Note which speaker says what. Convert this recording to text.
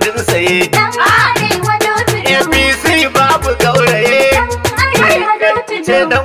Speaker 1: kudin saye apc babu gauraye ce da